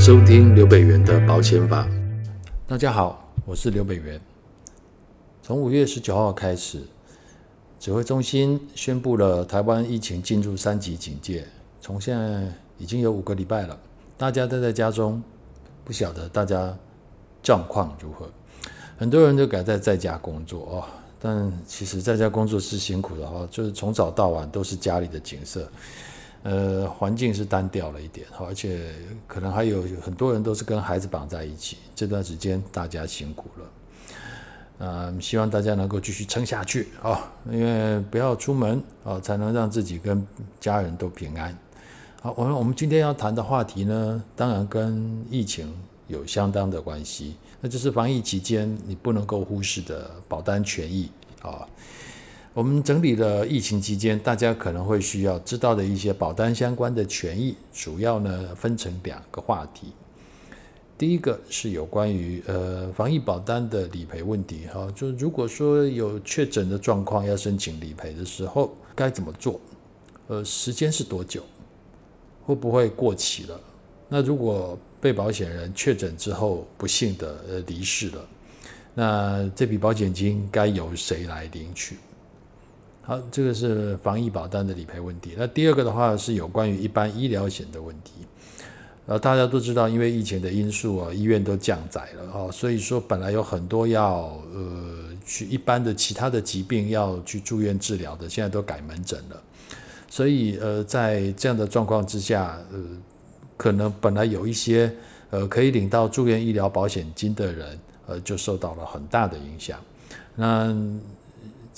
收聽劉北元的保險法。大家好，我是劉北元。從五月十九號開始，指揮中心宣布了台灣疫情進入三級警戒，從現在已經有五個禮拜了。大家都在家中，不曉得大家狀況如何。很多人都改在在家工作哦，但其實在家工作是辛苦的哦，就是從早到晚都是家裡的景色。呃，環境是單調了一點，而且可能還有很多人都是跟孩子綁在一起。這段時間大家辛苦了，呃，希望大家能夠繼續撐下去，啊、哦，因為不要出門，啊、哦，才能讓自己跟家人都平安。好、哦，我們我們今天要談的話題呢，當然跟疫情有相當的關係，那就是防疫期間你不能夠忽視的保單權益，啊、哦。我們整理了疫情期間大家可能會需要知道的一些保單相關的權益，主要呢分成兩個話題。第一個是有關於呃防疫保單的理賠問題，哈、哦，就如果說有確診的狀況要申請理賠的時候，該怎麼做？呃，時間是多久？會不會過期了？那如果被保險人確診之後不幸的呃離世了，那這筆保險金該由誰來領取？好，啊，這個是防疫保單的理賠問題。那第二個的話是有關於一般醫療險的問題。呃，大家都知道，因為疫情的因素啊，醫院都降載了，啊，所以說本來有很多要呃去一般的其他的疾病要去住院治療的，現在都改門診了。所以呃，在這樣的狀況之下，呃，可能本來有一些呃可以領到住院醫療保險金的人，呃，就受到了很大的影響。那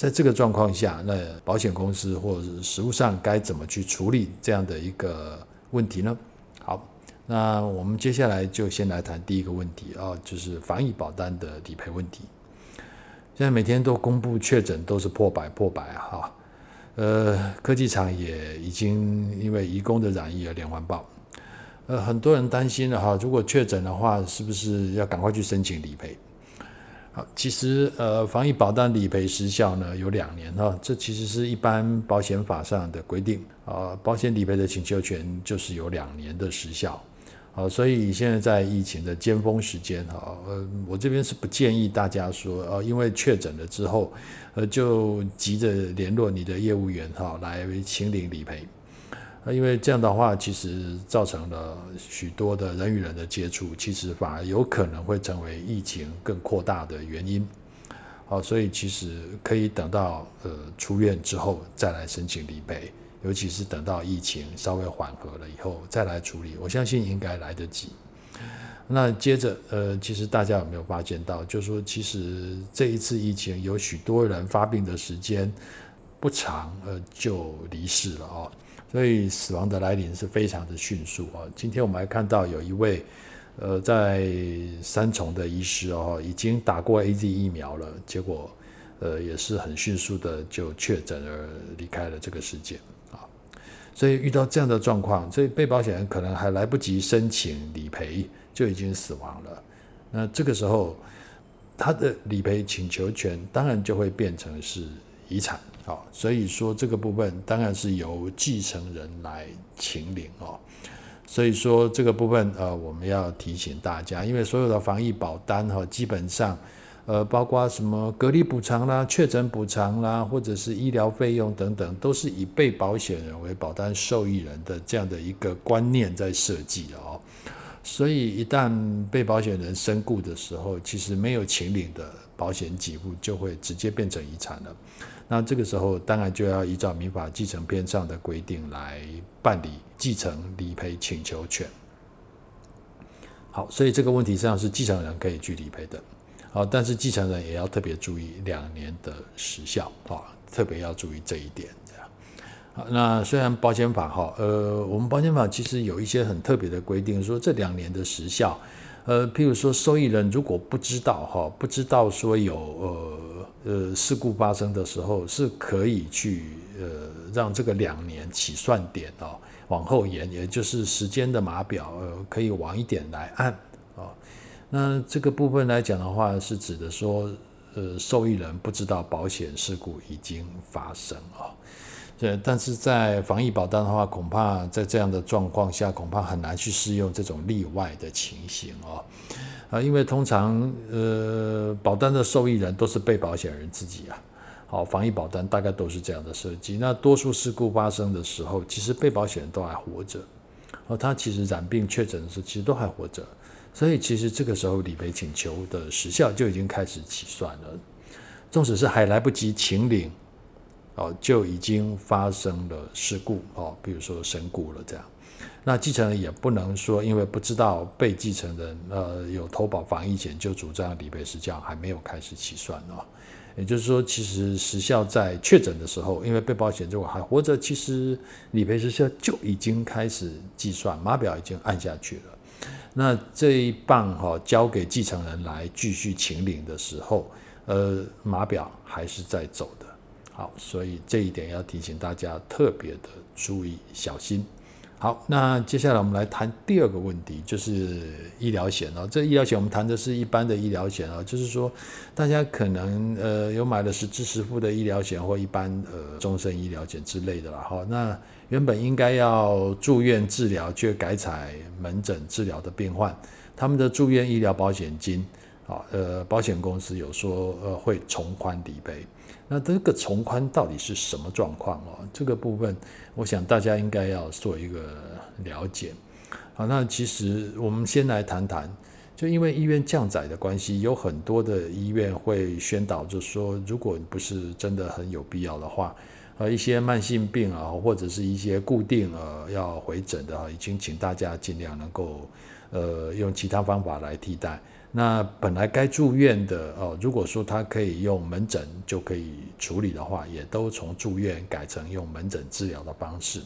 在這個狀況下，那保險公司或者是實務上該怎麼去處理這樣的一個問題呢？好，那我們接下來就先來談第一個問題啊，就是防疫保單的理賠問題。現在每天都公布確診都是破百破百啊，哈，呃，科技廠也已經因為移工的染疫而連環爆，呃，很多人擔心了，哈、啊，如果確診的話，是不是要趕快去申請理賠？好，其實呃，防疫保單理賠時效呢有兩年、哦、這其實是一般保險法上的規定啊、哦。保險理賠的請求權就是有兩年的時效、哦，所以現在在疫情的尖峰時間哈、哦，呃，我這邊是不建議大家說、哦、因為確診了之後，呃，就急着聯絡你的業務員哈、哦、來請領理賠。因為這樣的話，其實造成了許多的人與人的接觸，其實反而有可能會成為疫情更擴大的原因。好、哦，所以其實可以等到呃出院之後再來申請理賠，尤其是等到疫情稍微緩和了以後再來處理，我相信應該來得及。那接着呃，其實大家有沒有發現到，就是說其實這一次疫情有許多人發病的時間不長，呃，就離世了哦。所以死亡的來臨是非常的迅速啊、哦！今天我們還看到有一位，呃，在三重的醫師哦，已經打過 AZ 疫苗了，結果，呃，也是很迅速的就確診而離開了這個世界啊！所以遇到這樣的狀況，所以被保險人可能還來不及申請理賠就已經死亡了，那這個時候他的理賠請求權當然就會變成是。遺產，好，所以說這個部分當然是由繼承人來請領哦。所以說這個部分，啊，我們要提醒大家，因為所有的防疫保單哈、哦，基本上，呃，包括什麼隔離補償啦、確診補償啦，或者是醫療費用等等，都是以被保險人為保單受益人的這樣的一個觀念在設計的哦。所以一旦被保險人身故的時候，其實沒有請領的保險給付就會直接變成遺產了。那這個時候當然就要依照民法繼承編上的規定來辦理繼承理賠請求權。好，所以這個問題上是繼承人可以去理賠的。好，但是繼承人也要特別注意兩年的時效，哈，特別要注意這一點。好，那雖然保險法，哈，呃，我們保險法其實有一些很特別的規定，說這兩年的時效，呃，譬如說受益人如果不知道，哈，不知道說有，呃。呃，事故發生的時候是可以去呃，讓這個兩年起算點哦往後延，也就是時間的碼表，呃，可以晚一點來按，哦。那這個部分來講的話，是指的說呃，受益人不知道保險事故已經發生哦。對，但是在防疫保單的話，恐怕在這樣的狀況下，恐怕很難去適用這種例外的情形哦。啊、因為通常呃，保單的受益人都是被保險人自己啊。好、啊，防疫保單大概都是這樣的設計。那多數事故發生的時候，其實被保險人都還活着。啊、他其實染病確診的時候，其實都還活着。所以其實這個時候理賠請求的時效就已經開始起算了，縱使是還來不及請領。哦，就已經發生了事故哦，比如說身故了這樣，那繼承人也不能說因為不知道被繼承人呃有投保防疫險，就主張理賠時效還沒有開始起算哦，也就是說，其實時效在確診的時候，因為被保險人還活着，其實理賠時效就已經開始計算，碼表已經按下去了。那這一棒哈、哦、交給繼承人來繼續請領的時候，呃，碼表還是在走的。好，所以這一點要提醒大家特別的注意小心。好，那接下來我們來談第二個問題，就是醫療險哦。這醫療險我們談的是一般的醫療險、哦、就是說大家可能呃有買了實支實付的醫療險或一般呃終身醫療險之類的、哦、那原本應該要住院治療卻改採門診治療的病患，他們的住院醫療保險金。好，呃，保險公司有說，呃，會從寬理賠。那這個從寬到底是什麼狀況哦？這個部分，我想大家應該要做一個了解。好，那其實我們先來談談，就因為醫院降載的關係，有很多的醫院會宣導，就說，如果你不是真的很有必要的話，呃，一些慢性病啊，或者是一些固定呃、啊、要回診的、啊，已經請大家儘量能夠，呃，用其他方法來替代。那本來該住院的哦，如果說他可以用門診就可以處理的話，也都從住院改成用門診治療的方式。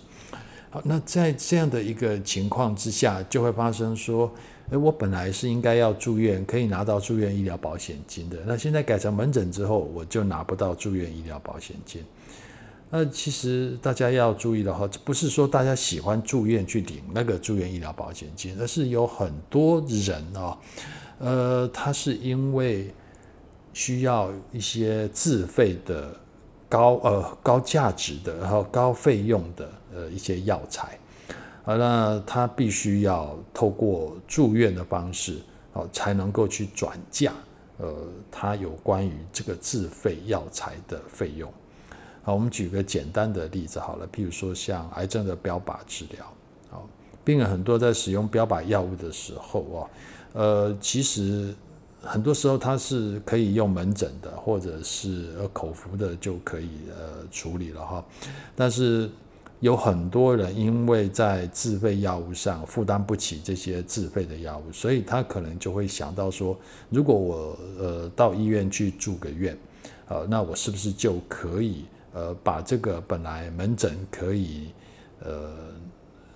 好，那在這樣的一個情況之下，就會發生說，誒，我本來是應該要住院，可以拿到住院醫療保險金的，那現在改成門診之後，我就拿不到住院醫療保險金。那其實大家要注意的話，不是說大家喜歡住院去領那個住院醫療保險金，而是有很多人啊。呃，它是因為需要一些自費的高呃高價值的，然後高費用的呃一些藥材，啊，那它必須要透過住院的方式，呃，才能夠去轉嫁，呃，它有關於這個自費藥材的費用。好，啊，我們舉個簡單的例子好了，譬如說像癌症的標靶治療，好，啊，病人很多在使用標靶藥物的時候啊。呃，其實很多時候他是可以用門診的，或者是口服的就可以呃處理了哈。但是有很多人因為在自費藥物上負擔不起這些自費的藥物，所以他可能就會想到說，如果我呃到醫院去住個院，呃，那我是不是就可以呃把這個本來門診可以呃。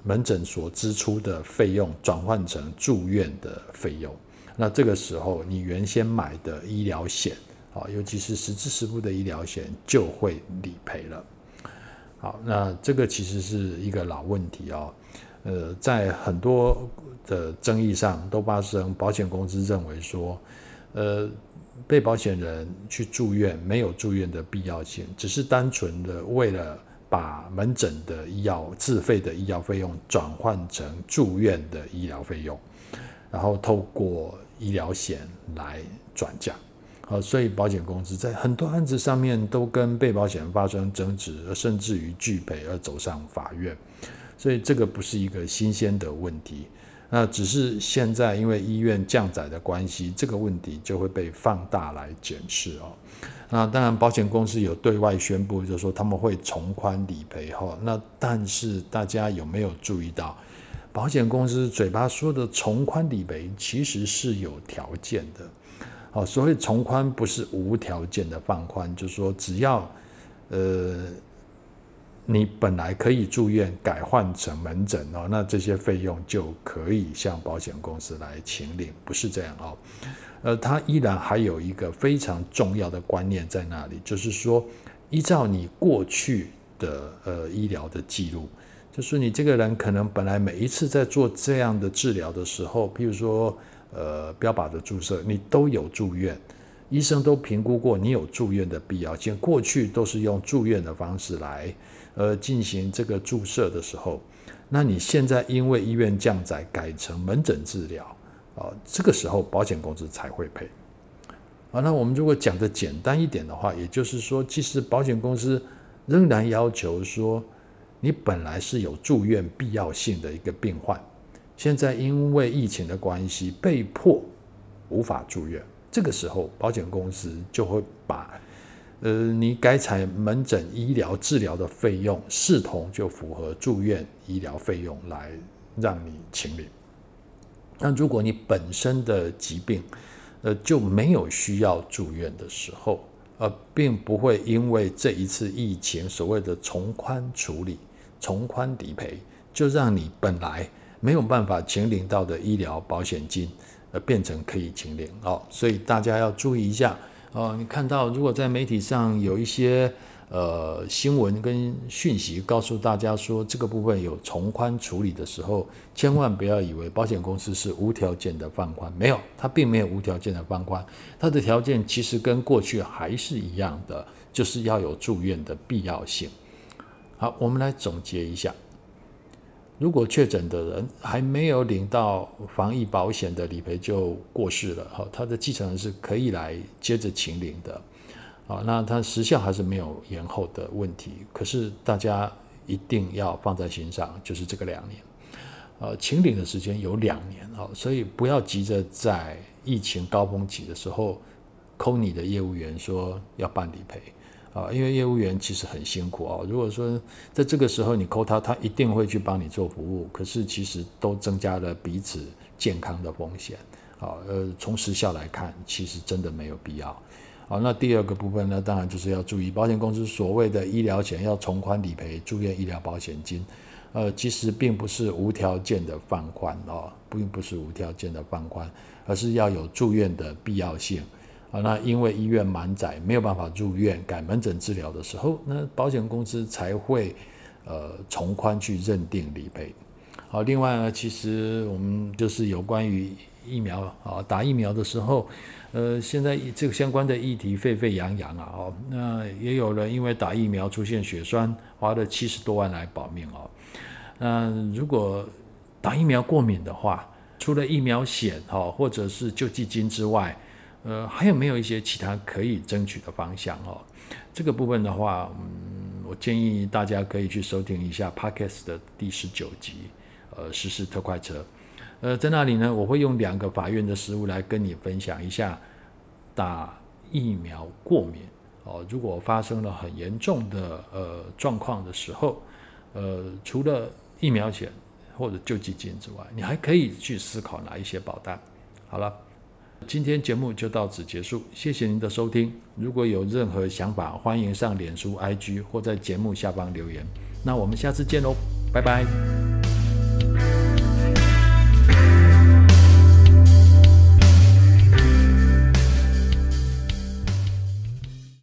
門診所支出的費用轉換成住院的費用，那這個時候你原先買的醫療險，啊，尤其是實支實付的醫療險就會理賠了。好，那這個其實是一個老問題哦，呃，在很多的爭議上都發生，保險公司認為說，呃，被保險人去住院沒有住院的必要性，只是單純的為了。把門診的醫藥自費的醫藥費用轉換成住院的醫療費用，然後透過醫療險來轉嫁。好，哦，所以保險公司在很多案子上面都跟被保險發生爭執，甚至於拒賠而走上法院。所以這個不是一個新鮮的問題，那只是現在因為醫院降載的關係，這個問題就會被放大來檢視哦。那當然，保險公司有對外宣布，就是說他們會從寬理賠。那但是大家有沒有注意到，保險公司嘴巴說的從寬理賠其實是有條件的，好，所以從寬不是無條件的放寬，就是說只要，呃。你本來可以住院改換成門診哦，那這些費用就可以向保險公司來請領，不是這樣哦。呃，他依然還有一個非常重要的觀念在那裡，就是說依照你過去的呃醫療的記錄，就是你這個人可能本來每一次在做這樣的治療的時候，譬如說呃標靶的注射，你都有住院，醫生都評估過你有住院的必要性，過去都是用住院的方式來。呃，而進行這個注射的時候，那你現在因為醫院降載改成門診治療，啊、呃，這個時候保險公司才會賠。啊，那我們如果講的簡單一點的話，也就是說，其實保險公司仍然要求說，你本來是有住院必要性的一個病患，現在因為疫情的關係被迫無法住院，這個時候保險公司就會把。呃，你改採門診醫療治療的費用，視同就符合住院醫療費用來讓你請領。那如果你本身的疾病，呃，就沒有需要住院的時候，呃，並不會因為這一次疫情所謂的從寬處理、從寬理賠，就讓你本來沒有辦法請領到的醫療保險金，呃，變成可以請領哦。所以大家要注意一下。哦，你看到如果在媒體上有一些呃新聞跟訊息告訴大家說這個部分有從寬處理的時候，千萬不要以為保險公司是無條件的放寬，沒有，它並沒有無條件的放寬，它的條件其實跟過去還是一樣的，就是要有住院的必要性。好，我們來總結一下。如果確診的人還沒有領到防疫保險的理賠就過世了，哈，他的繼承人是可以來接着請領的，啊，那他時效還是沒有延後的問題，可是大家一定要放在心上，就是這個兩年，呃，請領的時間有兩年啊，所以不要急着在疫情高峰期的時候，call 你的業務員說要辦理賠。啊，因為業務員其實很辛苦啊、哦。如果說在這個時候你扣他，他一定會去幫你做服務。可是其實都增加了彼此健康的風險。啊，呃，從時效來看，其實真的沒有必要。啊、哦，那第二個部分呢，當然就是要注意，保險公司所謂的醫療險要從寬理賠住院醫療保險金，呃，其實並不是無條件的放寬啊、呃，並不是無條件的放寬，而是要有住院的必要性。啊，那因為醫院滿載，沒有辦法入院改門診治療的時候，那保險公司才會呃從寬去認定理賠。好，另外呢，其實我們就是有關於疫苗啊，打疫苗的時候，呃，現在這個相關的議題沸沸揚揚啊，哦，那也有人因為打疫苗出現血栓，花了七十多萬來保命哦。那如果打疫苗過敏的話，除了疫苗險哈，或者是救濟金之外，呃，還有沒有一些其他可以爭取的方向哦？這個部分的話，嗯，我建議大家可以去收聽一下《Podcast》的第十九集，呃，時事特快車。呃，在那裡呢，我會用兩個法院的實務來跟你分享一下打疫苗過敏哦、呃，如果發生了很嚴重的呃狀況的時候，呃，除了疫苗險或者救濟金之外，你還可以去思考哪一些保單。好了。今天節目就到此結束，謝謝您的收聽。如果有任何想法，歡迎上臉書 IG 或在節目下方留言。那我們下次見囉，拜拜。